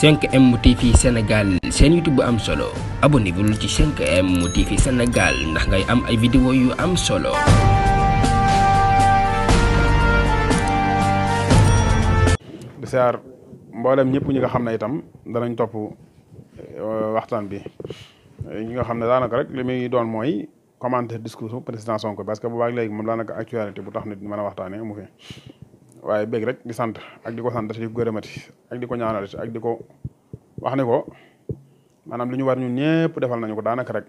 cinq m TV Sénégal seen YouTube bu am solo abonnez-vous ci 5M TV Sénégal ndax ngay am ay vidéo yu am solo. di siyaar mboolem ñëpp ñu nga xam ne itam danañ topp euh, waxtaan bi ñi nga xam ne daanaka rek li muy doon mooy commenter discours président Sonko parce que bu baax léegi moom daanaka actualité bu tax nit mën a waxtaanee mu fi. waaye bëgg rek di sant ak di ko sant di ko gërëmati ak di ko ñaanalati ak di ko wax ne ko maanaam lu ñu war ñun ñëpp defal nañu ko daanaka rek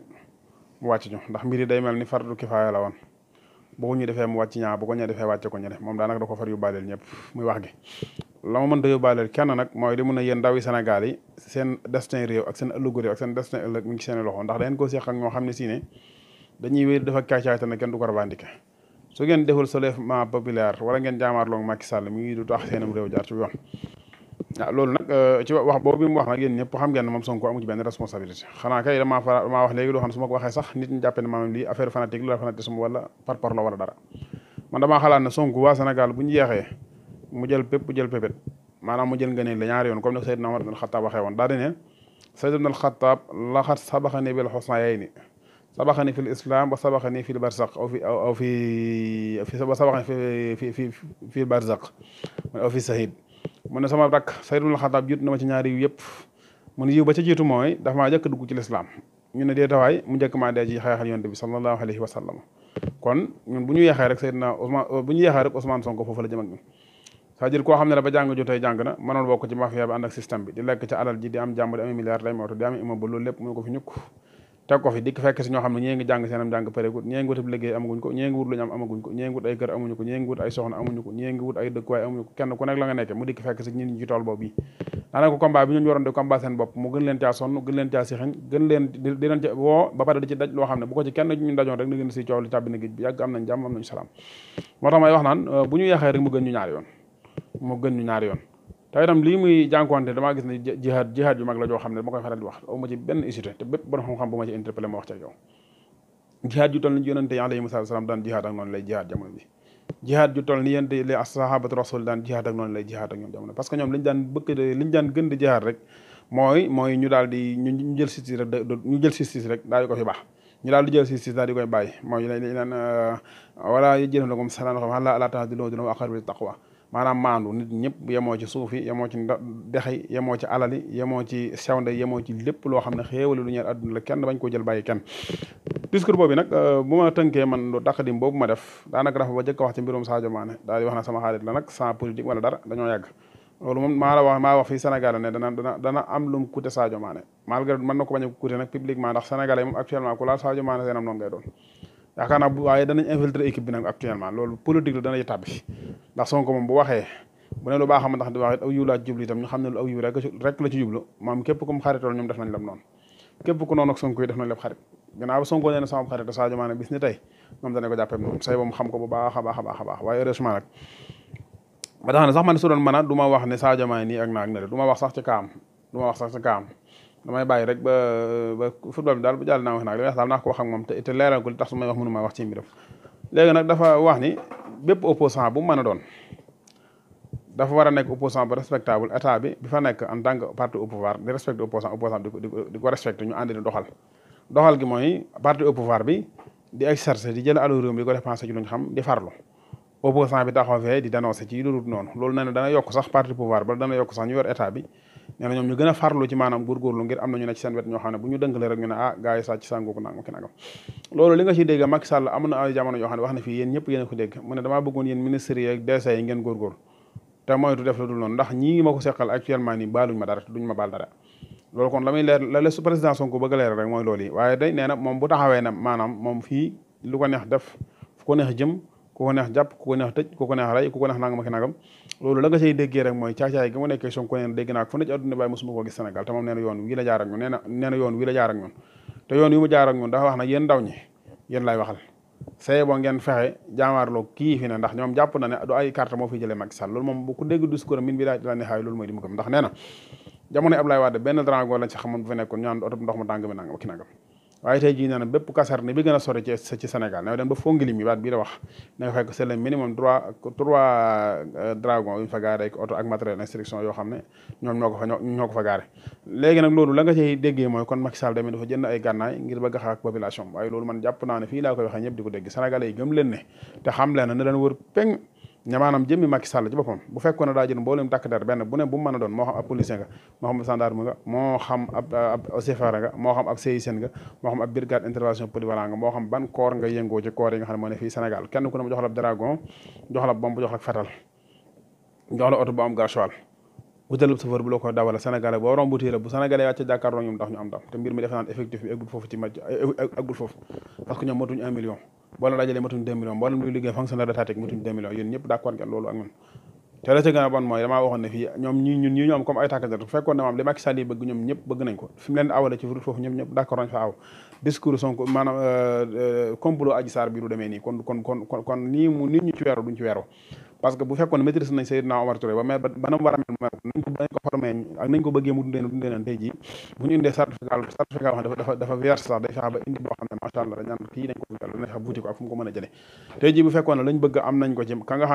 mu wàcc ñu ndax mbir yi day mel ni fardu kifaaya la woon bu ñu defee mu wàcc ñaa bu ko ñee defee wàcce ko ñene moom daanaka da ko yu yóbbaaleel ñëpp muy wax gi la ma mënta yóbbaaleel kenn nag mooy de mun a yéen ndawi Sénégal yi seen destin réew ak seen ëllëgu réew ak seen destin ëllëg mu ngi ci seen loxo ndax dañ ko seex ak ñoo xam ne si ne dañuy wéy dafa kaay caay te kenn du kor revendiquer su ngeen deful soulèvement populaire wala ngeen jaamaarloog Macky Sall mi ngi du tax seenam réew jaar ci yoon waaw ah, loolu nag euh, ci wax boobu mu wax nag yéen ñëpp xam ngeen ne moom Sonko amu ci benn responsabilité xanaa kay damaa fa damaa wax léegi loo xam su ma ko waxee sax nit ñi jàppe ne maanaam lii affaire fanatique la fanatisme wala par par la wala dara man damaa xalaat ne Sonko waa Sénégal bu ñu yeexee mu jël pépp jël pépét maanaam mu jël ngëneel la ñaari yoon comme ni Seydina Omar ibn Khattab waxee woon daal di ne Seydina Omar ibn sabaxani fi l islam wa sabaxani fi l barzaq aw fi aw fi wa sabaxani fi fi fi l barzaq aw fi sahid mu ne sama rakk saydul xataab jiitu na ma ci ñaari yu yëpp mu ne yiw ba ca jiitu mooy dafa maa jëkk dugg ci lislaam ñu ne dee tawaay mu njëkk maa dee ci xeexal yonte bi sallallahu alayhi bu ñu yeexee rek Seydina Ousmane bu ñu yeexee rek Ousmane la jëm ak ñun c'est-à-dire koo xam ne la ba jàng jotee jàng na mënoon bokk ci mafia bi ànd ak système bi di lekk ci alal ji di am jàmm di am milliard lay mooto di am immeuble loolu lépp mu ne ko fi ñukk teg ko fi dikk fekk si ñoo xam ne ñee ngi jàng seenam jàng paregut ñee ñee ngi wut lu ñu am amaguñ ko ñee ngi wut ay kër amuñu ko ñu salaam moo tax may wax naan bu ñu yaxee rek mu gën ñu ñaari yoon mu gën ñu ñaari yoon te itam lii muy jànkuwante damaa gis ne jihaad jihaad yu mag la joo xam ne ma koy faral di wax aw ma benn hésité te bépp borom noonu lay jihaad jamono bi jihaad ju toll ni yonente yi les sahabatu daan jihaad noonu lay jihaad jamono parce que ñoom liñ daan bëgg daan gën di jihaad rek mooy mooy ñu daal di ñu jël justice rek ñu jël justice fi baax ñu daal di jël justice daal di koy bàyyi mooy lañ naan wala euh, jënam la comme salaan xam xala àla tax di loo dina wa maanaam maandu nit ñëpp yemoo ci suuf yi yemoo ci dex yi yemoo ci alal yi yemoo ci sewnde yemoo ci lépp loo xam ne xéewale lu ñeel àdduna la kenn bañ ko jël bàyyi kenn discours boobu nag euh, bu ma tënkee man lu taqdim boobu ma def daanaka dafa ba jëkk wax ci mbirum Sadio maane daa di wax na sama xaarit la nag sans politique wala dara dañoo yàgg loolu moom maa la wax maa wax fii ne dana dana dana am lu mu coûté Sadio Mané malgré mën na ko bañ a coûté nag publiquement ndax Sénégalais moom actuellement ku laal Sadio Mané seenam noonu ngay yaakaar naa waaye danañ infiltrer équipe bi nag actuellement loolu politique la dana ci tàbbi ndax Sonko moom bu waxee bu ne lu baax ma tax di wax it aw yiw laa ci jublu itam ñu xam ne lu aw yiw rek rek la ci jublu maam képp ku mu xaritool ñoom def nañ lem noonu képp ku noonu ak Sonko yi def nañ lem xarit gannaaw ba Sonko nee na sama xarit bis ni tey noonu a baax a baax na sax man su doon mën a du ma wax ne Sadio Mané nii ak naa ak na du ma wax sax ci kaam du ma wax sax ci kaam damay bàyyi rek ba ba football bi daal bu jàll naa wax nag li xam naa ko wax ak te leeral ko li tax su may wax mënu wax ci mbiram léegi nag dafa wax ni bépp opposant bu mu mën a doon dafa war a nekk opposant bu respectable état bi bi fa nekk en tant que parti au pouvoir di respecté opposant bi di ko ñu ànd di doxal doxal gi mooy parti au bi di exercer di jël alalu réew mi di ko dépensé ci xam di farlu. opposant bi taxaw fee di dénoncé ci lu dul noonu loolu nee na yokk parti pouvoir ba dana yokk sax ñu bi nee na ñoom ñu gën a farlu ci maanaam góorgóorlu ngir am nañu ne ci seen wet ñoo xam ne bu ñu dëngalee rek ñu ne ah gars yi sàcc sàngoo ko nangam ki nangam loolu li nga ciy dégg Macky ne wax a ko dégg mu ne damaa bëggoon yéen ministres yi ak DG yi ngeen góorgóorlu te moytu def la dul noonu ndax ñii ma ko seqal actuellement nii baaluñ ma ma dara loolu kon la muy leer la su président Sonko bëgg a rek mooy loolu waaye day nee moom bu taxawee na maanaam moom ku ko neex jàpp ku ko neex tëj ku ko neex rey ku ko neex nangam ak nangam loolu la nga rek mooy caacaay gi mu nekkee Sonko nee na dégg naa ko fu wax na yéen ndaw ñi yéen laay waxal saye ngeen fexe jaamaarloo kii fi ndax ñoom jàpp na ne du ay carte moo fi jëlee Macky moom bu ko dégg discours min bi daa la neexaay loolu mooy waaye tey jii nee na bépp caserne bi gën a ci Sénégal na dem ba Fongolimbi baat bii la wax na nga fekk minimum trois trois euh, dragon yu ñu fa gaare oto ak matériel d'instruction yoo xam ne ñoom ñoo ko fa ñoo ko fa gaare nag loolu la nga cay déggee mooy kon Macky Sall demee dafa jënd ay gànnaay ngir ba gax ak population waaye loolu man jàpp naa ne fii laa koy waxee ñëpp di ko dégg Sénégalais yi gëm leen ne te xam leen ne na leen wër peng ne maanaam jëmmi Macky Sall ci bu fekkoon ne daa jël mboolem takk der benn bu ne bu mu a doon moo xam ab policier nga moo xam ab gendarme nga moo xam ab ab CFR nga moo nga moo xam ban corps nga yëngoo ci nga xam ne moo ne fii Sénégal kenn ku ne mu jox la dragon jox la bombe jox la fetal jox la oto bu am gasoil wutalub safar bu la ko dawala sénégalais boo romb téela bu sénégalais wàcce jàkkaarloo ñoom tax ñu am ndam te mbir mi defe naan effectif bi e- e- e- foofu parce que ñoom matuñ un million boo leen dajalee matuñ deux millions boo leen luy liggéey fonctionnaire matuñ deux millions yéen ñëpp d'accord ngeen loolu ak ñun te la ca gën a mooy damaa waxoon ne fii ñoom ñi ñoom comme ay tàkkajar fekkoon ne maam li Macky Sall yi bëgg ñoom ñëpp bëgg nañ ko fi mu parce que bu fekkoon maîtrise nañ Seydina Omar Touré ba ba nam war a mel nañ nañ ko bëggee mu dundee dundee leen tey indee certificat certificat dafa dafa verse sax day fekkoon lañ bëgg ci ka nga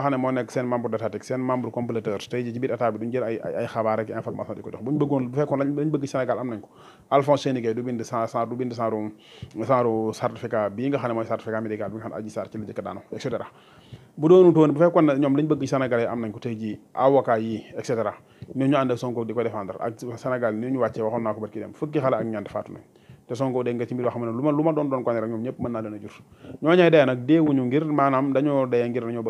xam ne moom nekk seen membre d'étatique seen membre compléteur tey jii ci duñ jël ay xabaar ak information di bëggoon bu fekkoon lañ bëgg Sénégal am nañ ko Alphonse Seyni Gueye du bind sans sans certificat bii nga xam mooy certificat médical bi nga xam ne Sarr ci la jëkk daanu et cetera bu doonutoon bu fekkoon ne ñoom lañ bëgg Sénégalais am nañ ko tey jii yi et cetera ñu ànd ak di ko défendre ak Sénégal ni ñu wàccee waxoon naa ko barki dem fukki xale ak ñeent faatu nañ te songoo dégg nga ci mbir yoo xam ne lu ma lu ma doon doon ko rek ñoom ñëpp mën naa leen a jur ñooñay dee nag deewuñu ngir maanaam dañoo dee ngir dañoo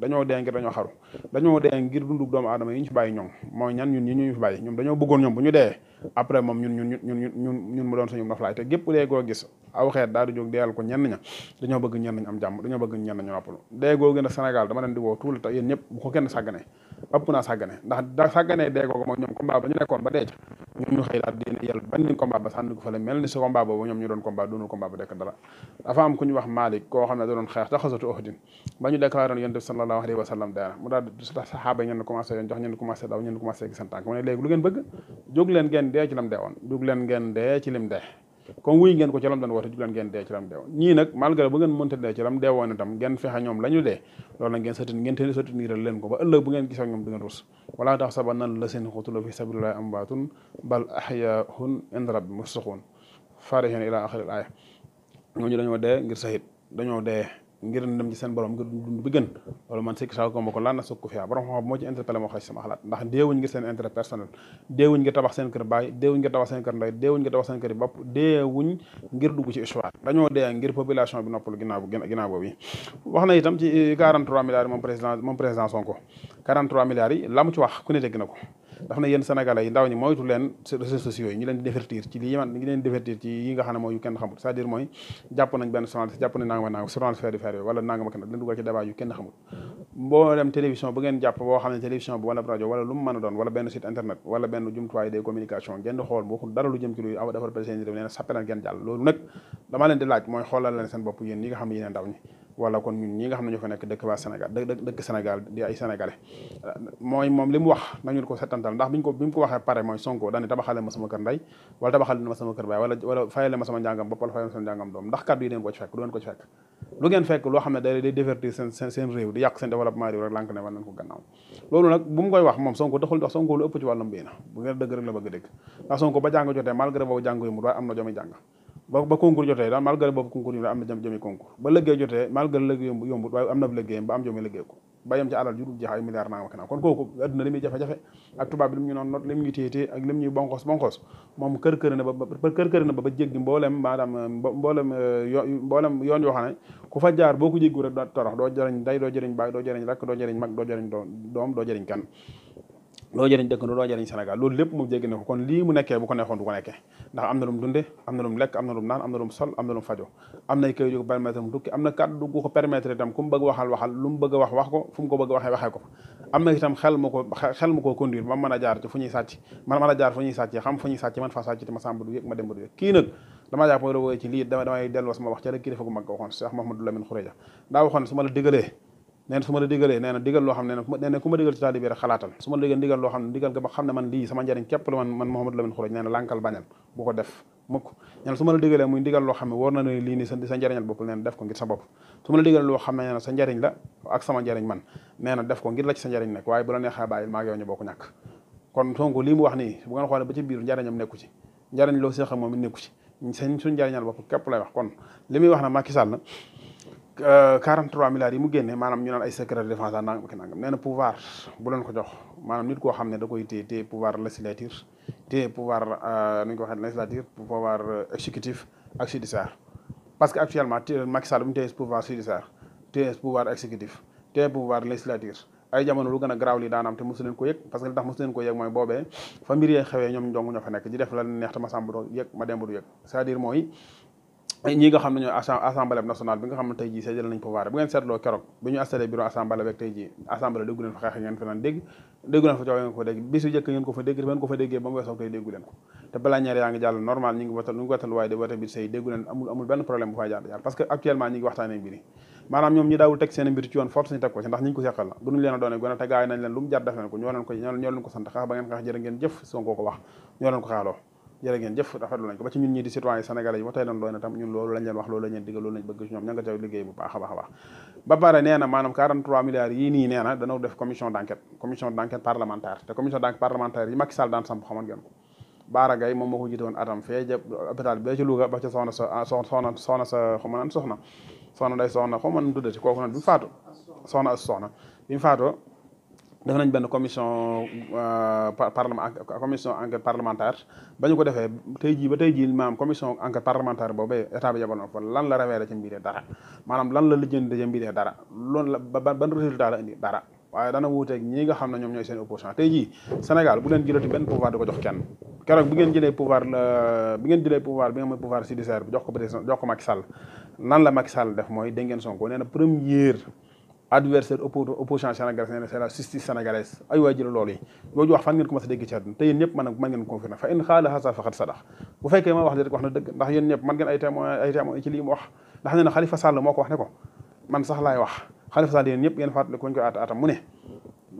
dañoo dee ngir dañoo xaru dañoo dee ngir dundug doomu aadama yi ñu fi bàyyi ñoom mooy ñan ñun ñi ñoom dañoo bëggoon ñoom bu ñu dee après moom ñun ñun ñun ñun ñun ñun mu doon suñu noflaay te gépp dee goo gis aw xeet daal di jóg deeyal ko ñenn ña dañoo bëgg ñenn ña am jàmm dañoo bëgg ñenn ña wàppalu dee goo gën a Sénégal dama leen di woo tuul te yéen ñëpp bu ko kenn sàggane ëpp naa sàggane ndax sàggane dee googu moom ñoom combat ba ñu nekkoon ba dee ñoom ñu xëy daal di yàlla benn combat ba sànni ko fële mel ni si combat boobu ñoom ñu doon combat doonul combat ba dekk dara dafa am ku wax Malik koo xam doon xeex ta xasatu Uhud ba ñu déclaré yonent bi sallallahu alayhi wa sallam mu daal saxaaba ñenn commencé yoon jox ñenn commencé daw ñenn commencé gi seen tànk mu ne léegi lu ngeen bëgg jóg leen ngeen dee ci lam dee woon leen ngeen dee ci lim comme wuy ngeen ko ci lam doon woote jubleen ngeen dee ci lam deewoon ñii nag malgré bu ngeen mënta dee ci lam deewoon itam ngeen fexe ñoom la ñu dee loolu nag ngeen sëtin ngeen te sëtiniral leen ko ba ëllëg bu ngeen gisoo ñoom du rus wala tax saba nan la seen xutula fi sabilillahi amwaatun bal ahyaahun inda rabbi mursaxuun farihina ila axiril aaya ñooñu dañoo dee ngir sahid dañoo dee ngir dem ci seen borom ngir dund bi gën loolu man sikki saako ma ko lan na sukk fiyaa borom xam-xam moo xalaat ndax déewuñ ngir seen intérêt personnel ngir tabax seen kër baay déewuñ ngir tabax ci histoire dañoo dee ngir population bi noppalu ginnaaw bu ginnaaw boobu yi wax na itam ci 43 milliards yi moom président Sonko 43 milliards yi la ci wax ku ne dégg ko daf na yéen sénégalais yi ndaw ñi moytu leen réseaux sociaux yi ñu leen di divertir ci yi nga xam ne mooy yu kenn xamul cest dire mooy jàpp nañ benn journaliste jàpp nañ nangama nangam wala nangama kenn kenn xamul lu mu a doon wala benn site internet wala benn jumtuwaay des communication ngeen di xool boo dara lu jëm ci luy aw leen di laaj mooy xoolal leen seen bopp yéen ñi nga xam ne ndaw ñi wala kon ñun ñi nga xam ne ñoo fa dëkk Sénégal di ay sénégalais mooy moom li mu wax nañu ko settantal ndax biñ ko bi waxee pare mooy Sonko daane tabaxale ma sama kër ma sama kër baay wala wala ma sama njàngam bopp wala fayale sama njàngam doom ndax kàddu yi deen ko ci fekk du ngeen ko ci fekk lu ngeen fekk xam ne day day seen seen réew di yàq seen développement réew rek ne wala nañ ko gannaaw loolu nag bu koy wax moom Sonko taxul wax Sonko lu ëpp ci wàllum bii na bu ba ba concours jotee daal malgré ba liggéey jotee malgré liggéey yombut waaye am na liggéeyam ba am jëmi liggéey ko ba yem ci alal ju dul jeex ay milliards naa ak naa kon kooku adduna li muy jafe-jafe ak tubaab lim ñu noonu not lim ñu téye lim ñuy bonkoos bonkoos moom kër kër na ba ba kër kër na ba ba jéggi mboolem maanaam mboolem euh, yo mboolem yoon yoo xam ku fa jaar boo ko jéggu rek doo torox doo jëriñ day doo jëriñ baay doo jëriñ rakk doo jëriñ mag doo jëriñ doom doo jëriñ kan loo jëriñ dëkkandoo loo jëriñ Sénégal loolu lépp moom jéggi na ko kon lii mu nekkee bu ko nekkee ndax am na lu mu am na lu lekk am na lu naan am na lu sol am na lu fajo am na kàddu gu ko itam ku bëgg waxal waxal lu bëgg a wax wax ko fu ko bëgg a waxee waxee ko am na itam xel mu ko xel mu man a jaar ci fu ñuy sàcc man a jaar fu ñuy sàcc xam fu ñuy sàcc man faa sàcc te ma sàmb yëg ma dem ba yëg kii nag damaa nee na la digalee nee digal loo xam ne ma digal ci ne digal nga ba xam ne man lii sama njariñ képp la man xam ne war na ne lii nii sa sa njariñal bopp nee na def ko ngir sa bopp su ma man nee na def ko ngir la sa njariñ nekk waaye bu la neexee bàyyi maa ngi yow ñu bokk ñàkk kon Sonko lii mu wax nii bu ngeen xoolee ba ci biir njariñam nekku ci njariñ loo séex ak moom it nekku ci seen suñ njariñal bopp képp lay wax kon li wax na Macky Sall 43 euh, milliards yi mu génne maanaam ñu naan ay secret de défense nangam ak nangam nee pouvoir bu ko jox maanaam nit koo xam ne da koy téye téye pouvoir législatif téye pouvoir euh, nu ñu ko waxee législatif pouvoir euh, exécutif ak judiciaire parce que actuellement pouvoir judiciaire ay jamono lu gën a garaaw li te mosu ko yëg parce que li tax mosu ko yëg mooy boobee fa yee xewee ñoom ndong ñoo fa nekk di def la neex te ma sàmb ma demb du yëg dire mooy ñi nga xam ne ñooy assemblée nationale bi nga xam ne tey jii nañ pouvoir bu ngeen seetloo keroog bi ñu installé bureau assemblée beeg ngeen fa naan dégg déggu leen ñu ngi watal teg seen mbir ci yoon force ñu teg ko ci ndax ñi ko seqal la duñu leen a doone gone te gaay nañ leen lu mu leen ko ñoo leen ko ñoo xaax ba ngeen xaax jëf soo ko ko wax ñoo leen ko xaaloo jërë ngeen jëf rafetlu nañ ko ba ci ñun ñii di citoyen yi ba tey doon doy na loolu lañ leen wax loolu lañ leen digal loolu lañ bëgg ci liggéey bu baax a baax ba pare nee na maanaam 43 milliards yii nii nee dana def commission d'enquête commission d'enquête parlementaire te commission d'enquête parlementaire yi Macky Sall daan samp xamoon ngeen moom moo ko jiite woon atam fee ja hôpital bi ci Louga ba ca ah, soxna soxna soxna sa xaw ma def nañ benn commission euh, parlement commission enquête parlementaire ba ñu ko defee tey jii ba tey jii maanaam commission enquête parlementaire boobu état bi yabaloon fa lan la rawee ci mbiree dara maanaam lan la lijjanti ci mbiree dara loolu la ba ban résultat la indi dara waaye dana wuuteeg ñi nga xam ne ñoom ñooy seen opposition tey jii Sénégal bu leen pouvoir di ko jëlee pouvoir la bi ngeen jëlee pouvoir bi nga xam ne pouvoir judiciaire bi jox ko président jox ko Macky Sall nan la Macky sal def mooy dégg ngeen Sonko nee na adversaire opposition sénégalaise nee na c'est la justice sénégalaise ay waay jël loolu yi wax fan ngeen ko mas a dégg te yéen ñëpp man mën ngeen confirmer fa in xaala xasa faqat sadax bu fekkee ma wax li rek wax na dëgg ndax yéen ñëpp man ngeen ay témoin ay ci lii mu wax ndax nee na Xalifa Sall moo ko wax ne ko man sax laay wax Xalifa Sall yéen ñëpp ngeen fàttali ko ñu koy aat atam mu ne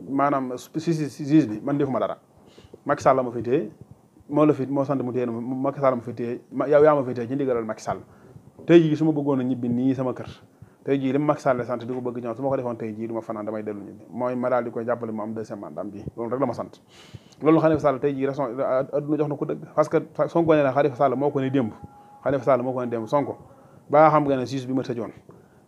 maanaam si juge bi man defuma dara Macky ma fi téye moo la fi moo sant mu téye Macky Sall ma fi téye ma fi téye ci ndigalal Macky Sall tey jii su sama kër tey jii li mu Macky sant di ko bëgg ñoom su ma ko defoon tey jii du fanaan damay dellu mooy ma daal di koy jàppale mu am deuxième mandat bi loolu rek loolu na ko dëgg parce que Sonko ne démb ne démb Sonko ba xam nga ne siis bi ma tëjoon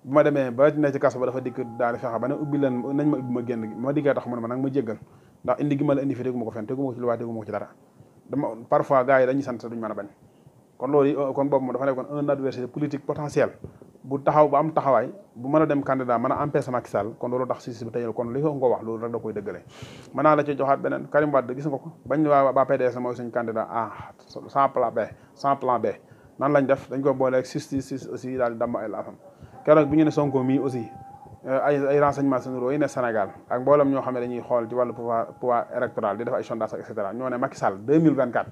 bi ma demee ba ne ci ba dafa dikk daal di ba ne ubbi leen nañ ma ubbi ma génn ma dikkee tax mu ne ma nag ma jéggal ndax indi gi ma la indi fi tegu ma ko fenn tegu ma ma ko ci dara parfois gars yi dañuy sant duñu mën a bañ kon loolu kon boobu moom dafa nekkoon un adversaire politique potentiel bu taxaw bu am taxawaay bu mën a dem candidat mën a empêcher Macky Sall kon loolu tax si bi tey kon li ko wax loolu rek da koy dëggale mën naa la ci joxaat beneen Karim Wade gis nga ko bañ waa waa PDS mooy suñu candidat A ah, sans plan B sans plan B nan lañ def dañ ko boole ak six six aussi daal di damm ay laafam keroog bi ñu ne Sonko mii aussi euh, ay ay renseignements généraux yi ne Sénégal ak mboolem ñoo xam ne dañuy xool ci wàllu pouvoir pouvoir électoral di def ay sondage et cetera ñoo ne Macky Sall 2024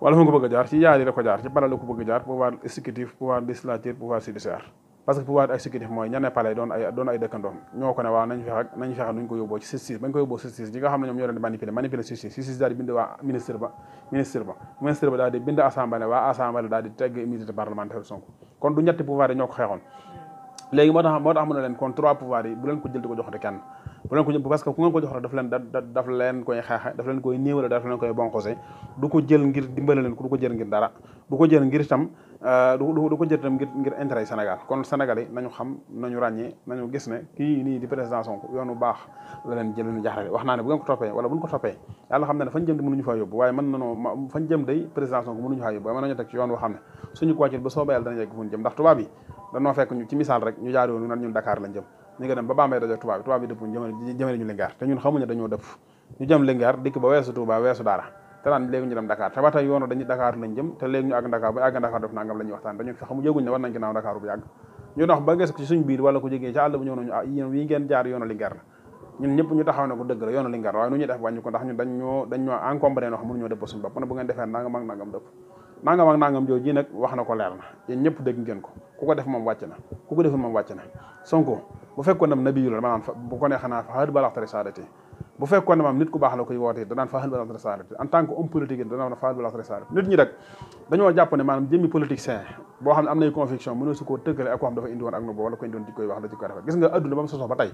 wala fa nga ko jaar ci yaar yi jaar ci palais la ko jaar pouvoir exécutif pouvoir législatif pouvoir judiciaire parce que pouvoir exécutif mooy ñane palais doon ay ay dëkkandoom ñoo ko nañ fexe nuñ ko yóbboo ci justice bañ ko yóbboo justice ñi nga xam ne ñoom ñoo leen di manipuler manipuler justice justice daal di bind waa ministre ba ministre parlementaire Sonko kon du ñetti pouvoir yi ñoo xeexoon léegi moo tax moo tax mu leen bu leen ko jëm parce que ku ngeen ko jox rek daf leen koy xaaxa daf du ko jël ngir dimbale leen ko du ko jël ngir dara du ko jël ngir itam euh, ngir ngir intérêt yi Sénégal kon Sénégal yi nañu xam nañu ràññee nañu gis ne kii nii di président Sonko yoonu baax la leen jël ñu jaxale wax naa ne bu ngeen ko toppee wala buñ ko toppee yàlla xam ne ne fañ jëm di mënuñu faa yóbbu faa yóbbu waaye mën nañu teg ci yoon woo xam ne suñu ko wàccul ba soo bayal dana yegg fu ñu jëm ndax tubaab yi danoo fekk ñu ci misaal rek yoon nan ñun Dakar lañ ñu nga dem ba Bambey daje tubaab bi tubaab bi dëpp ñu jëmale ñu Linguère te ñun xamuñu ne dañoo dëpp ñu jëm Linguère dikk ba ñu suñ biir wala ko jógee ci àll bu ñëw nañu ah yéen ngeen jaar yoonu Linguère la ñun ñëpp ñu taxaw na ko dëgg la yoonu Linguère waaye nu ñuy def wàññi ko ndax ñun dañ wax na ko leer na yéen ñëpp dégg ngeen ko ku ko def moom wàcc na ku ko deful moom wàcc na Sonko bu fekkoon nam nabi yu la maanaam bu fa xal balaxtari saadati bu fekkoon en tant que homme politique yi boo xam ne am nay conviction mënoo su koo tëkkale ak ko dafa indi ak mu sosoo rafet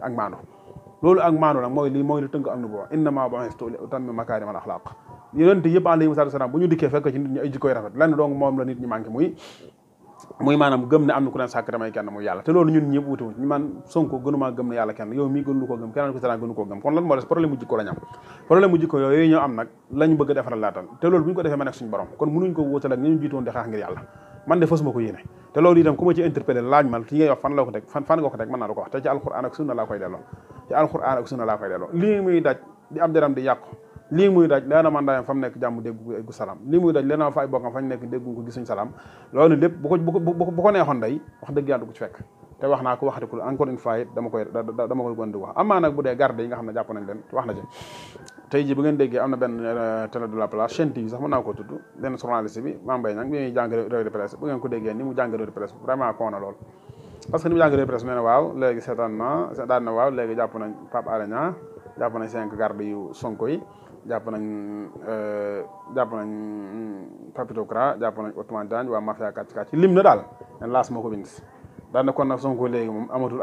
ak maandu loolu ak maanu nag mooy lii mooy lu tënk am nubuwa innama bu'istu li utammima makaarimal axlaaq yonent yëpp alayhi salaatu wa salaam bu ñu dikkee fekk ci nit ñi ay jikkoy rafet moom la nit ñi muy muy maanaam gëm ne am na ku daan sàkk damay kenn muy yàlla te loolu ñun ñëpp wuti ñu man Sonko gënumaa gëm ne yàlla kenn yow mii gënulu ko gëm kon a defaral laataan te loolu bu ñu borom kon mënuñ ko wóotal ak ñu jiitoon di xaax ngir yàlla man de fasuma ko yéene te loolu itam ku ci interpellé laaj ma li ngay fan la ko teg fan fan ko te ci alxuraan ak sunna laa laa koy delloo lii muy daj di am deram di yàqu lii muy daj leena man daayam fa mu nekk jàmm déggu salaam lii muy daj leena fa ay bokkam fañ nekk déggu ko gisuñ salaam loolu lépp bu ko bu wax dëgg yàlla du fekk te wax naa ko waxati ko encore une fois dama koy dama koy am na benn euh, télé de la place chaîne TV sax mën naa ko tudd benn journaliste bi Mame Mbaye Niang bi muy jàng revue de presse bu ngeen ko déggee ni mu jàng revue de presse vraiment koo na lool parce que ni mu jàng revue de presse nee jàpp nañ euh, jàpp nañ mm, Papito jàpp nañ Ousmane Diagne waa mafia kàcc lim na daal len laas moo ko bind daanaka kon nag Sonko léegi moom amatul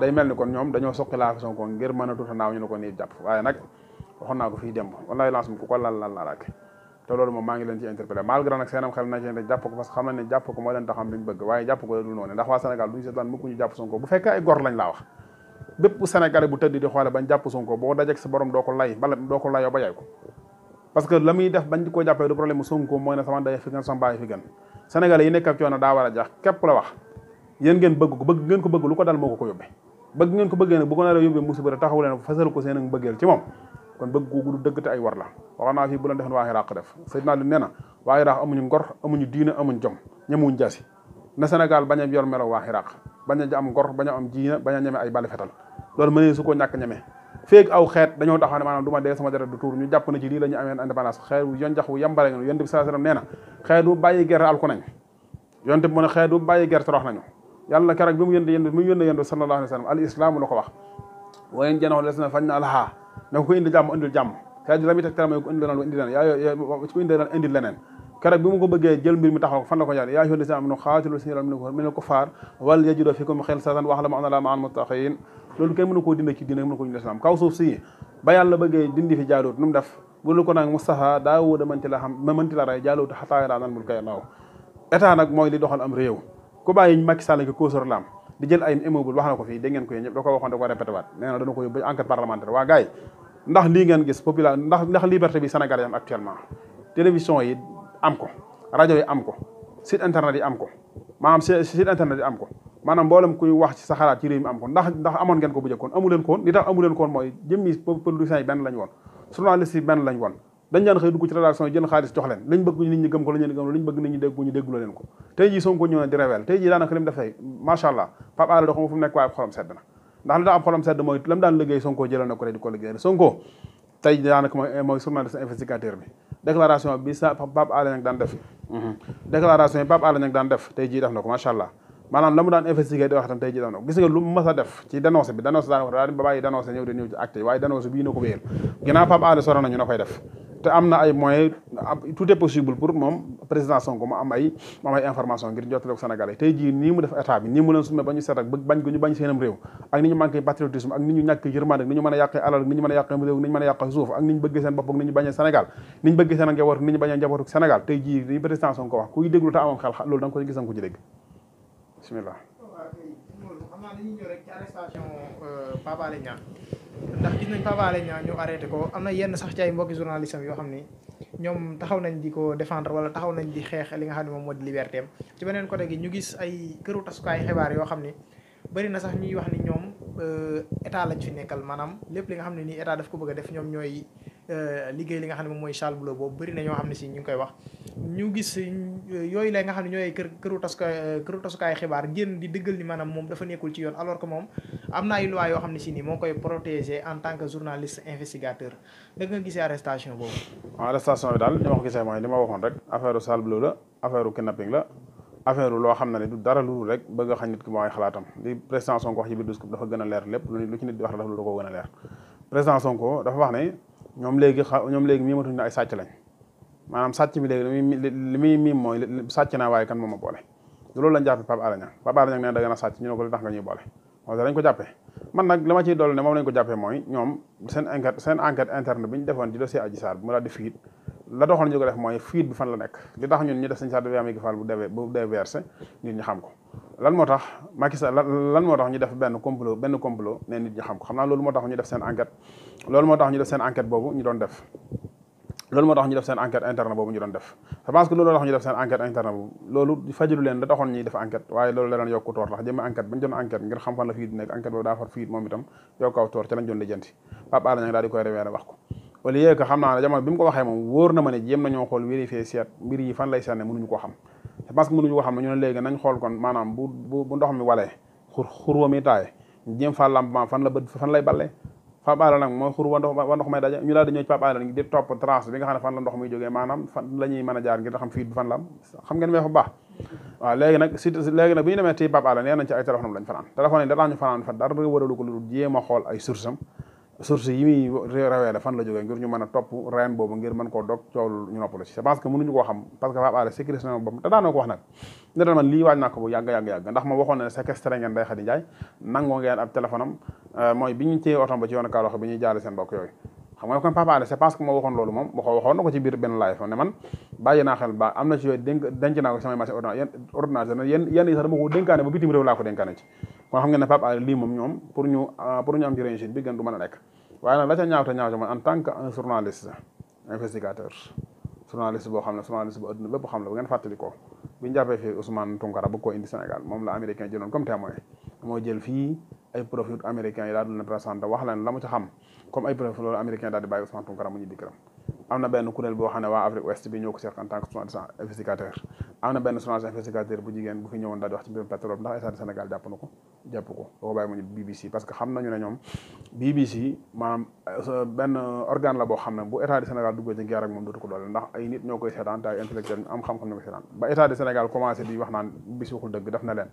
day mel ni kon ñoom dañoo soqi laafi Sonko ngir mën a tuuta naaw ñu ne ko nii jàpp waaye nag seenam xel na ci rek jàpp ko parce que xam na ne jàpp ko moo leen taxam li ñu bëgg waaye jàpp ko dul noonu ndax waa Sénégal duñu seetaan mukk ñu jàpp Sonko bu fekkee ay gor lañ laa wax bépp sénégalais bu tëdd di xoole bañ jàpp Sonko boo dajek sa borom doo ko lay bala doo ko layoo ba yaay ko parce que la muy def bañ ko jàppee du problème Sonko mooy ne sama day fi gën sama baay daa war a jax képp la wax yéen ngeen bëgg ko bëgg ngeen ko bëgg lu ko dal moo ko ko yóbbee bëgg ngeen ko bëggee nag bu ko naree yóbbee musiba da taxaw leen fasal ko seen ak mbëggeel ci moom kon bëgg googu du dëgg te ay war la wax naa fii bu na Sénégal bañ a yor melo waa Iraq bañ a am ngor bañ a am jiina bañ a ñeme ay bali fetal loolu mënee su ko ñàkk ñeme feeg aw xeet dañoo taxaw ne maanaam du ma dee sama deret du tuur ñu jàpp na ci lii la ñu ameen indépendance xeet wu yon jax wu yambare na xeet wu bàyyi ger alku nañ yonent bi mu ne xeet wu bàyyi ger torox nañu yàlla keroog bi mu yënd yënd bi mu yënd yënd sallallahu alayhi wasallam al islaam la ko wax na fañ na alahaa na ko jàmm indil jàmm xeet yi la muy indi leneen keroog bi mu ko bëggee jël mbir mi taxaw fan la ko jaar yaa ayyuhal-lazina aamanu qaatilu minal kuffaar wal yajidu fiikum ghilzatan wa'lamu anna Allaaha ma'al muttaqiin loolu kenn mënu koo ko dindi laam di jël ay immeuble wax na ko fii dégg ngeen ko yéen ñëpp ko waxoon ko répété waat dana ko yóbbu enquête parlementaire waa gars ndax lii ngeen gis population ndax liberté bi Sénégal yi am actuellement télévision yi am ko rajo yi am ko site internet yi am ko maanaam site internet yi am ko maanaam mboolem kuy wax ci sa xalaat ci réew mi am ko ndax ndax amoon ngeen ko bu jëkkoon amu leen ko woon li tax amu leen ko woon mooy jëmmi productions yi benn lañ woon journalistes yi benn lañ woon dañ daan xëy dugg ci rédaction yi jël xaalis jox leen liñ bëgg nit ñi gëm ko lañ leen gëm liñ bëgg nit ñi dégg ñu dégguloo leen ko tey jii Sonko ñëw na di révèle tey jii daanaka li mu defee macha allah Pape Alé doxuma fu mu nekk waaye xolam sedd na ndax li tax ab xolam sedd mooy lam daan liggéey Sonko jëloon na ko rek di ko liggéey Sonko tey daanaka mooy journaliste investigateur bi déclaration bi sa Pape Alé Niang daan def déclaration yi Pape Alé Niang def tey jii def na ko macha allah maanaam la mu daan investigué di wax tam tey jii def na ko gis lu mu def ci dénoncé bi dénoncé daa ba bàyyi dénoncé ñëw di ñëw ci acte waaye dénoncé bii na ko wéyal ginnaaw Pape Alé soro nañu koy def te am na ay moyens tout est possible pour moom président Sonko mu am ay mu am ay information ngir jottale ko Sénégalais tey jii nii mu def état bi nii mu leen sumee ba ñu seet ak bañ ko ñu bañ seenam réew ñu manqué a yàqee alal ak ñu mën a yàqee réew ni ñu mën a yàqee suuf ak ni ñu bëggee seen bopp ak ñu bañee Sénégal ni ñu bëggee seen njaboot ni ñu bañee njabootu Sénégal tey jii nii président Sonko wax kuy déglu te amoon xel loolu da nga ko ko ci naa dañuy ñëw rek ci arrestation euh, Pape Alé Niang ndax gis nañ Pape Alé ñu arrêté ko am na yenn sax ci ay mbokki journaliste yoo xam ni ñoom taxaw nañ di ko défendre wala taxaw nañ di xeex li nga xam ne moom moo di liberté am ci beneen côté gi ñu gis ay këru tasukaay xibaar yoo xam ni bëri na sax ñuy wax ni ñoom euh, état lañ fi nekkal maanaam lépp li nga xam ne nii état daf ko bëgg def ñoom ñooy Euh, liggéey li nga xam ne moom mooy Charles Blot boobu bëri na ñoo xam ne si ñu ngi koy wax ñu gis euh, yooyu lay nga xam ne ñooy kër këru taska këru tasukaay xibaar génn di dëggal ni maanaam moom dafa nekkul ci yoon alors que moom am na ay loi yoo xam ne si nii moo koy protéger en tant que journaliste investigateur da nga gisee arrestation boobu ah, arrestation bi daal li ma ko gisee mooy li ma waxoon rek affaire Charles Blot la affaire kidnapping la affaire loo xam ne ne du dara lu rek bëgg a xañ nit ki mooy xalaatam li président Sonko a lu a ñoom léegi xa ñoom léegi miimatuñu ay sàcc lañ maanaam sàcc bi léegi li muy miim mooy sàcc na waaye kan moom a boole loolu lañ jàppe Pape Alé Niang Pape Alé Niang nee da gën a sàcc ñu ne ko li tax nga ñuy boole moo tax dañ ko jàppee man nag ma ciy dolli ne moom lañ ko jàppee mooy ñoom seen enquête seen enquête interne bi ñu defoon ci dossier Adji Sarr bi mu daal di fiit la doxoon ñu ko def mooy fiit bi fan la nekk li tax ñun ñu def sañ Sarr bi am gi faal bu dee bu dee versé ñun xam ko lan moo tax Macky Sall lan moo tax ñu def benn complot benn complot ne nit ñi xam ko xam naa loolu moo tax ñu def seen enquête loolu moo tax def seen enquête boobu ñu doon def loolu moo tax ñu def seen enquête boobu ñu doon def seen enquête boobu loolu fajalu def enquête waaye boobu daa far fii moom itam yokkaaw toor ca lañ doon lijjanti Pape Alé Niang daal di koy rewee wax ko au lieu que xam naa ne jamono ko waxee moom wóor na ma ne jéem nañoo xool vérifier seet mbir parce que mënuñu ko xam ne ñu ne léegi nañ xool kon maanaam bu bu ndox mi walee xur xurwa mi taay jéem faa làmp fan la bë fan lay balle Pape Alé nag mooy xur wa ndox wa ndox may daje ñu ne fan a jaar ngir xam fii fan la xam ngeen mee fa baax waaw léegi nag si léegi nag bu ñu demee ci Pape Alé nee nañ ci fanaan téléphone yi dara ñu fanaan fa dara waralu ko lu jéem a xool ay source source yi muy rawee fan la jógee ngir ñu mën a topp ren boobu ngir mën koo dog coow ñu noppalu si c'est parce que mënuñu koo xam parce que Pape Alé sécurité na boppam te daanoo ko wax nag ne daan man lii waaj naa ko bu yàgg yàgg ndax ma waxoon ne séquestré ngeen Ndeye Khady Ndiaye ngeen ab téléphone euh, mooy bi ñu téye otom ba ci yoonu Kaolack bi ñuy jaale seen yooyu xam nga na ko ci biir benn live ne man bàyyi naa xel ba moom ñoom ah, pour ñu am ci réussite bi gën du mën a nekk waaye nag la ca ñaaw te en tant que un investigateur journaliste boo xam ne journaliste bu xam la bu ngeen fàttali ko bi ñu jàppee fii Ousmane ko indi Sénégal moom la américain jëloon comme témoin moo jël fii ay profil américain yi daal di leen présenté wax leen la am na benn kuréel boo xam ne waa Afrique Ouest bi ñoo ko seq en tant que journaliste investigateur am na benn journaliste wax na ko jàpp ko da parce que xam nañu ne ñoom BBC maanaam euh, benn organe la boo xam ne bu état du Sénégal duggee ci guerre moom dootu doole ndax ay nit ñoo seetaan te intellectuel am xam-xam ñoo seetaan ba état du Sénégal commencé di wax naan bis dëgg def na leen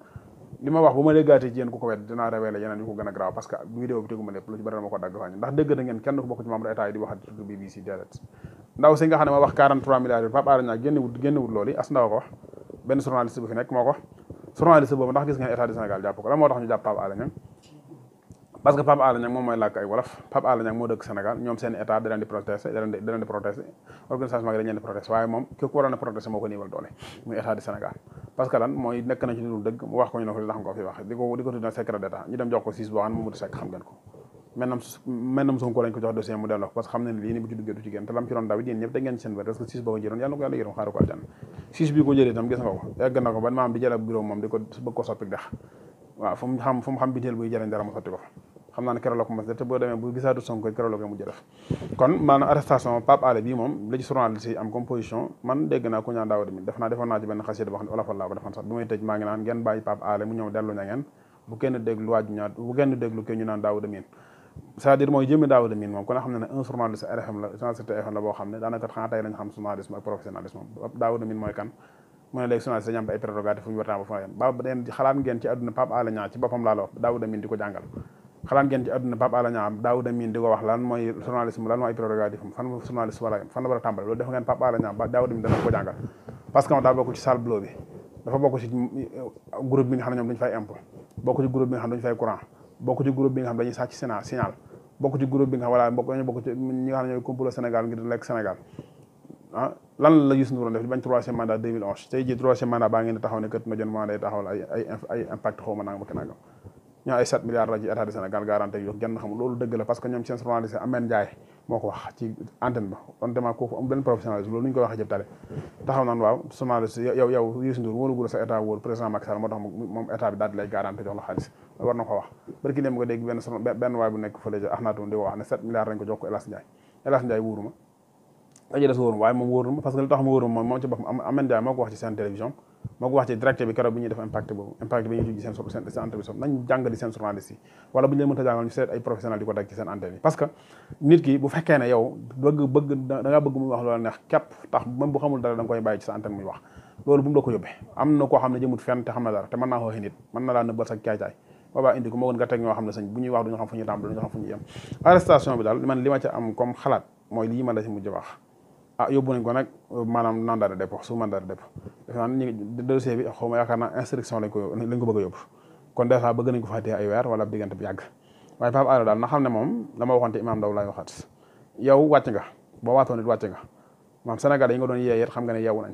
li ma wax bu ma déggaatee ci yéen ku ko wet dinaa révélé yeneen yu ko gën a grave parce que vidéo bi teguma lépp lu ci bari ko dagg fàññ ndax dégg na ngeen kenn ku bokk ci membre état di wax tudd BBC milliards Pape Alé Niang génnewut génnewut loolu yi as ndaw ko benn journaliste fi nekk moo ko wax journaliste ndax gis ngeen état du Sénégal jàpp ko moo tax ñu jàpp Pape Alé parce que Pape Alé Niang moom mooy làkk ay wolof Pape Alé Niang moo dëkk Sénégal a protesté moo parce que lan mooy nekk na ci lu dul dëgg mu wax ko ñu ne ko li tax nga jox ko siis boo xam ne Mamadou Seck xam ngeen ko maintenant maintenant Sonko lañ ko jox dossier mu delloo ko parce que xam ne ne lii ni bu ci duggee du ci génn te lam ci doon daw it ñëpp da ngeen seen wér parce que siis boo ko jëloon yàlla na gis nga ko yàgg na ko ban maam di jël bureau moom di ko bëgg ko soppi dex waaw fu xam fu buy jëriñ dara mu sotti ko fa xam naa ne keroog la ko boo demee bu gisaatu Sonko keroog la ko mujj def kon maanaam arrestation Pape Alé bi moom ku ne boo xam ne daanaka xanaa tey lañ xam journalisme ak professionnalisme daaw a ba fa yem ci àdduna Pape Alé di ko jàngal xalaan ngeen ci àdduna Pape Alé Niang daawuda miin wax lan mooy journalisme lan mooy prérogative fan journaliste a yem fan la war a tàmbale loolu def ngeen Pape Alé Niang daawuda miin dana moom daa bokk ci salle bleue dafa bokk ci euh, groupe xam ne ñoom dañu fay impôt bokk ci groupe xam ne dañu fay Sénégal ngir lekk Sénégal ah, lan la Youssou Ndour doon di bañ troisième mandat 2011 tey jii troisième mandat baa ngeen di ne kët ma jën mandat taxawal ñoo ay 7 milliards la ko jox ko wax barki dem ko dégg benn benn waay waaye moom wóoruma parce que li tax ma moom moom ci boppam Amène Ndiaye moo ko wax ci seen télévision moo ko wax ci directeur bi keroog bi ñuy def impact boobu impact bi ñuy gis seen seen seen entreprise nañ bu ñu leen mënta jàngal ñu seet ay professionnel di parce que nit ki bu fekkee ne yow bëgg bëgg muy wax loola neex képp tax même bu xamul dara da koy bàyyi ci sa antenne muy wax loolu bu mu ko yóbbee am na koo xam ne jëmut fenn te xam na dara te mën naa xooxi nit mën na laa nëbbal sa caay-caay boobaa indi ko moo gën nga teg xam ne sañ bu ñuy wax ah yóbbu nañ ko nag maanaam mandat de dépôt su mandat de dépôt defe naa ñu bi xaw ma yaakaar na instruction lañ ko lañ ko yóbbu kon déjà bëgg nañ ko fàttee a weer wala diggante bu yàgg waaye Pape Alé daal na xam ne moom la ma waxoon ci Imam Ndao laay waxaat yow wàcc nga boo waatoon nit wàcc nga maam Sénégal yi nga doon yee xam nga ne yeewu nañ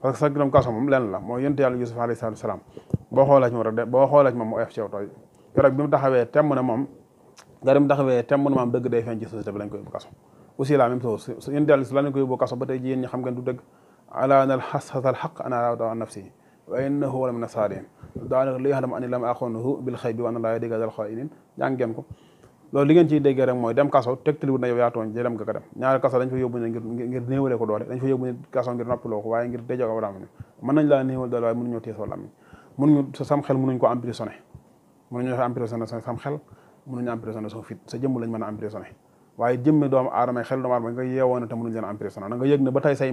parce que sa gërëm kaso moom lenn la mooy yonent yàlla Yuusuf alayhi salaatu salaam boo xoolee ci moom rek de boo xoolee tooy keroog bi mu taxawee temm na moom nga dem taxawee temm na maam dëgg day feeñ ci société bi lañ koy yóbbu kaso aussi la même chose yonent yàlla Yuusuf lañ koy yóbbu kaso ba tey jiyéen ñi xam ngeen du dëgg ala nal xasatal xaq ana raawta an nafsi wa innahu la min asaadiin daanaka li nga xam ne lam axonahu bil xëy bi wa ana laa yahdi al xaa'iniin jàngeen ko loolu li ngeen ciy déggee rek mooy dem kaso tegtaliwut na yow yaa tooñ jëlem nga ko dem ñaari kaso dañ fa yóbbu ne ngir néewale ko doole dañ fa yóbbu ne kaso ngir noppiloo ko waaye ngir déjoo ko waraam mën xel a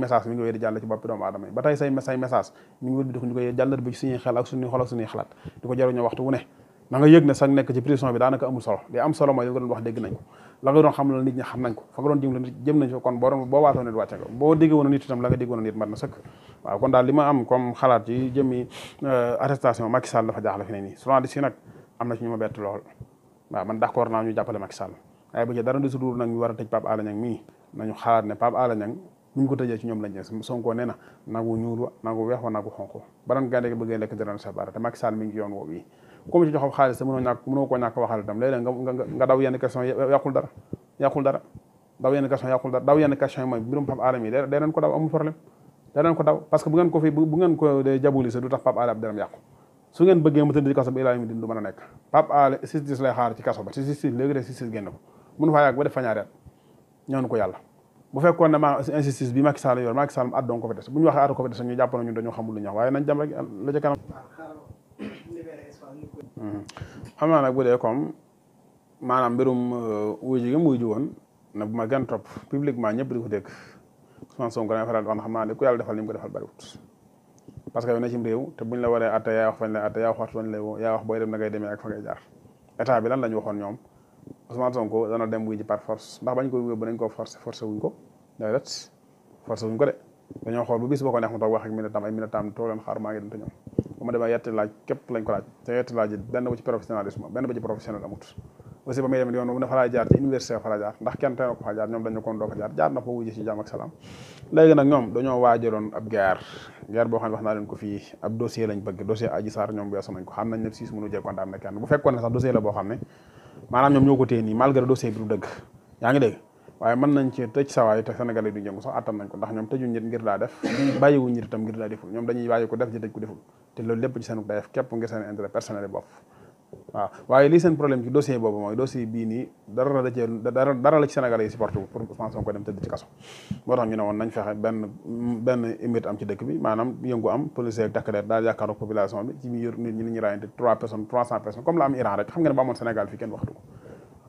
ak suñuy xol di ko jaruñoo waxtu wu ne na nga yëg ne sax nekk ci prison bi daanaka amul solo li am solo mooy nga doon wax dégg nañ ko doon xam la nit ñi xam nañ ko fa nga doon jëm la nit jëm nañ ko kon boo doon boo waatoo nit la nga dégg woon nit mat na sëkk waaw kon daal li ma am comme euh, jaaxle fi ne nii souvent ma bett lool man d'accord naa jàppale Macky Sall waaye ci dara desul nag ñu war a tëj Pape Alé Niang mii nañu xalaat ne Pape Alé Niang buñ ko tëjee ci ñoom lañ Sonko nee na nagu ñuul wa nagu weex wa nagu xonq baran gaynde gi bëggee lekk dara sa bara te Macky Sall mi ngi comme ci joxoon xaalis te mënoo ñàkk mënoo ko ñàkk waxal itam léeg-léeg nga nga daw yenn question yàqul dara yàqul dara daw yenn question yàqul dara daw yenn question yi mooy mbirum Pape Alé yi day leen ko daw amul problème day leen ko daw parce que bu ngeen ko fi bu ngeen ko jabuli sa du tax Pape Alé ab deram yàqu su ngeen bëggee mu tëdd ci kaso ba ilaa mi din du mën a nekk Pape Alé justice lay xaar ci kaso ba ci justice léegi de justice génn ko mënu faa yàgg ba def fa ñaari at ñaanu ko yàlla bu fekkoon ne maa injustice bi Macky Sall yor Macky Sall mu at doon ko fi des bu ñu waxee at ko fi des ñu jàpp na ñu dañoo xamul lu ñu wax waaye nañ jam rek la ca kanam xam naa nag bu dee comme maanaam mbirum euh, wuyu gi mu woon na bu ma top topp publiquement ñëpp di ko dégg Ousmane Sonko da faral di xam naa ne ku yàlla defal ni mu ko defal bariwut parce que yow na ci te buñ la waree atte yaa wax fañ la atte yaa wax waxtu fañ la yaa wax booy dem na ngay demee ak fa ngay jaar bi lan la ñu waxoon ñoom Ousmane Sonko dana dem wuyu par force ndax bañ ko wuyu ba dañ ko forcé forcé wuñ ko day ret forcé wuñ ko de dañoo xool bu bis boo ko neex mu toog wax doo ñoom dañoo ab guerre guerre boo xam ne wax naa leen ko fii ab dossier lañ bëgg dossier Adji Sarr ñoom weesu nañ ko xam nañ ne siis mënu jee condamné kenn bu fekkoon ne sax dossier la boo xam ne maanaam ñoom ñoo ko téye nii malgré bi du dëgg yaa ngi dégg waaye mën nañ ci tëj sawaay te Sénégal yi du jëngu sax attan nañ ko ndax ñoom tëjuñ ngir daa def mm. bàyyiwuñ nit itam ngir daa def ji ngir seen intérêt personnel bopp waaw waaye lii seen problème ci dossier boobu mooy dossier bii dara la ci yi supporté wu pour Ousmane Sonko dem ci kaso moo tax ñu ne woon nañ fexe benn benn am ci dëkk bi maanaam yëngu am police ak takk der daal yaakaarook population bi ci biir nit trois personnes trois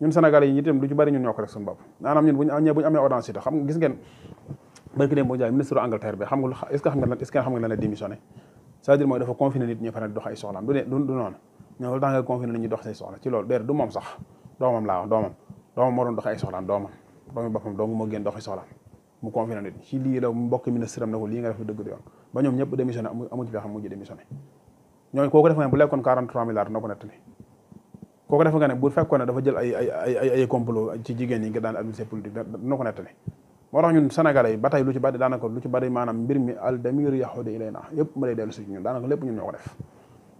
ñun sénégalais yi itam lu ci bari ñun ñoo ko def suñu bopp maanaam ñun buñu amee buñu amee xam nga gis ngeen barki dem boo jaay mu confiné nit ñi ci lii la mbokk na ko lii nga kooku defe nga ne bu fekkoon ne dafa jël ay ay ay ay complot ci jigéen ñi nga daan administrer politique dina ko nettali moo tax ñun Sénégalais yi ba tey lu ci bari daanaka lu ci bari maanaam mbir mi al damir yaxude ilayna yëpp ma lay dellu si ñun daanaka lépp ñun ñoo ko def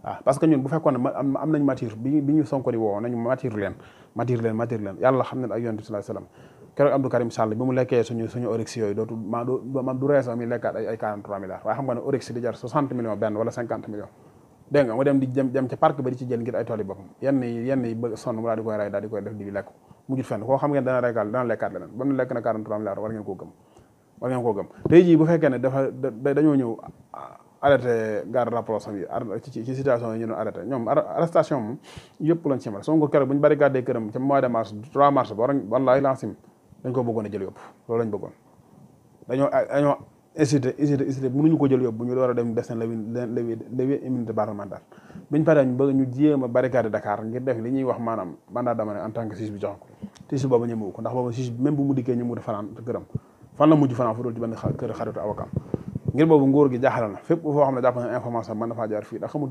waaw parce que ñun bu fekkoon ne am nañ matière bi bi ñu sonko di woo nañu matière leen matière leen matière leen yàlla xam ne ak yonent bi sallallahu alayhi wasallam keroog Abdou Karim Sall bi mu lekkee suñu suñu orix yooyu dootul ma du rees mi lekkaat ay ay 43 milliards waaye xam nga ne orix di jar 60 millions benn wala 50 millions dégg nga mu dem di jëm jëm ca parc ba di ci jël ngir ay tool yi boppam yenn yi yenn yi mu daal di koy ray daal di koy def di lekk mu jut fenn xam ngeen dana rekal dana lekkaat ba mu lekk na 43 milliards war ngeen koo gëm war ngeen jii bu fekkee ne dafa dañoo ñëw ah, arrêté garde rapprochée bi ci situation yi ñu doon arrêté ñoom arrestation moom yëpp lañ ci mën Sonko këram ca mois de mars 3 mars ba war wallaahi lancim dañ ko bëggoon a jël yëpp incité incité incité mënuñu ko jël yóbbu ñu war a dem des na levi levi levi immunité parlementaire biñ paree ñu ñu jéem a barricade Dakar ngir def li ñuy wax maanaam mandat d'amener en tant que juge bi jox ko te boobu ñëmewu ko ndax boobu juge même mu dikkee ñëmu fanaan këram fan la mujj fanaan fu dul ci benn kër xaritu ngir boobu nguur gi jaaxal na fépp foo xam ne jàpp na information mën na faa jaar fii ndax xamul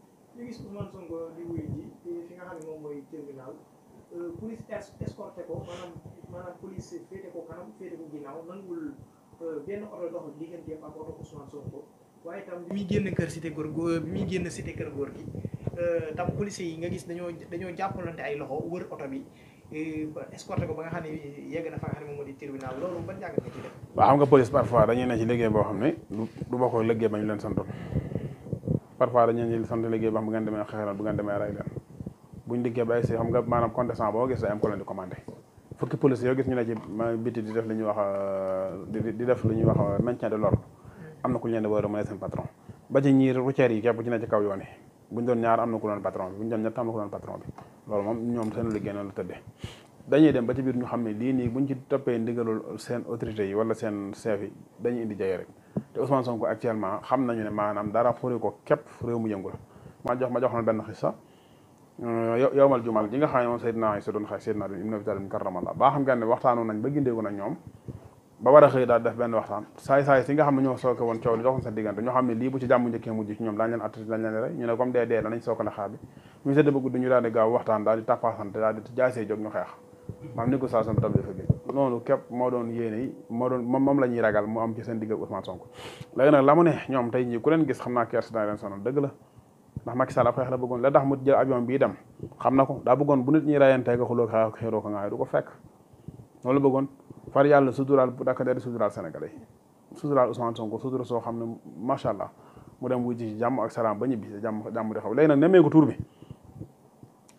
gis Ousmane Sonko di wuy ji fi nga xam ne moom mooy tribunal euh, police escorté ko maanaam maanaam police féete ko kanam féete euh, bi muy génn kër cité kër góor gi euh, tam policiers yi nga gis dañoo dañoo jàppalante ay loxo wër oto bi escorté ko ba nga xam ne yegg na fa nga xam ne moom moo di tribunal loolu ban jàngat nga ci def. waaw xam nga police parfois dañuy ne ci liggéey boo xam ne du du bokkoo liggéey ba ñu leen parfois dañu leen di sant liggéey ba bu ngeen demee xeexal bu ngeen demee rey leen buñ dikkee ba xam nga maanaam contestant boo gis wax di def lu ñuy wax euh, euh, maintien de l'ordre mm. am na ku leen a patron ba ci ñiir routière yi képp ci ne ci kaw yoon buñ doon ñaar am na ku doon patron bi buñ doon ñett am na ku doon patron bi loolu moom ñoom seen liggéey noonu la tëddee dañuy dem ba ci biir ñu xam ne lii nii buñ ci toppee ndigalul seen autorités yi wala seen chef yi dañuy indi jaay rek te Ousmane Sonko actuellement xam nañu ne maanaam dara xure ko képp réew mu euh, xam ne moom Seydina Isa doon nañ ba gindeeku a xëy daal def benn waxtaan sa diggante ñoo xam ne lii bu ci jàmm njëkkee mujj ci ñoom daañu leen attati leen rey ñu ne comme dee dee danañ sooke na xaar bi daal di gaaw waxtaan daal di tàppaasante daal di ñu xeex maam négociation bi tam dafa gën noonu képp moo doon yéene yi moo doon moom la ñuy ragal mu am ci seen digg ak Ousmane Sonko léegi nag la mu ne ñoom tey ñii ku leen gis xam naa kersi dana leen sonal dëgg la ndax Macky Sall ab xeex la la tax mu jël avion bii dem xam na ko daa bëggoon bu nit ñi rayantee nga xuloo xaa xeeroo ko ngaay du ko fekk loolu bëggoon far yàlla suturaal bu dakka dee di suturaal sénégalais yi suturaal Ousmane Sonko sutura soo xam ne macha allah mu dem wuy ci jàmm ak salaam ba ñibbi jàmm jàmm di xaw léegi nag nemee ko tur bi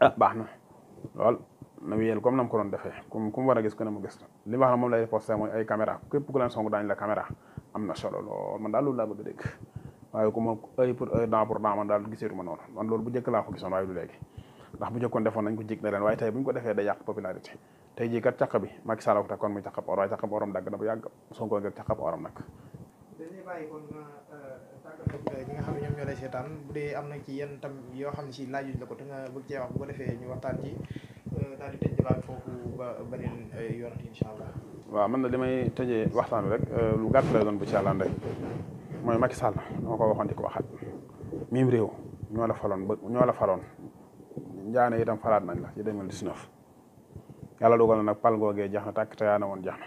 ah baax na na wéyal comme na mu ko defee comme ku mu a gis ko ne mu gis li moom lay posté mooy ay caméra képp ku leen song daañu la caméra am na solo lool man daal loolu laa bëgg a dégg waaye ku bu njëkk laa ko waaye du léegi ndax bu njëkkoon nañ ko jig ne leen waaye tey bu ko defee day yàq popularité tey jii kat caq bi Macky Sall ko caqab or waaye na bu yàgg Sonko nga caqab orom nag donc nga xam ne ñoom ñoo lay seetaan bu dee am na ci yenn tam yoo xam ne si laajuñ la ko te nga bëgg cee wax bu ko defee ñu waxtaan ci euh, daal di tëj ba beneen euh, yoon waaw man na li may tëjee waxtaan rek euh, lu gàtt lay doon bu ci àllaan rek mooy Macky Sall dama ko waxoon di ko waxaat mim réew ñoo la faloon ba ñoo la faloon njaane itam falaat nañ la ci 2019 na nag pal googee jeex na tàkk te yaa na woon jeex na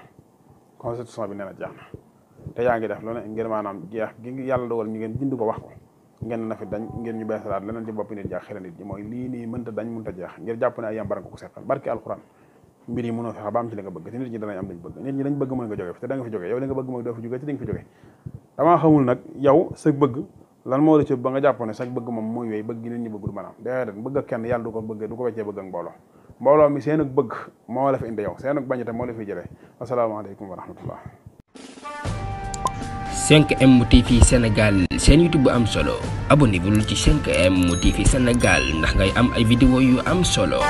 constitution bi nee na na te yaa ngi def lu ne ngir maanaam jeex gi yàlla dogal ñu ngeen bind ko wax ko ngeen na fi dañ ngeen ñu beesalaat leneen ci bopp nit jaax nit ñi mooy lii nii mënta dañ mënta jeex ngir jàpp ay yambar nga ko seqal barki alxuraan mbir yi mënoo fexe ba am ci li nga bëgg bëgg mooy nga jóge moo la ci ba nga jàpp ne sa bëgg moom mooy yooyu bëgg nit ñi bëgg ko bëgg du ko weccee bëgg ak mbooloo mbooloo mi seen moo la fi indi yow seen ak bañate moo la fi jëlee asalaamaaleykum wa 5M TV Sénégal seen YouTube bu am solo abonné bul ci 5M TV Sénégal ndax ngay am ay vidéo yu am solo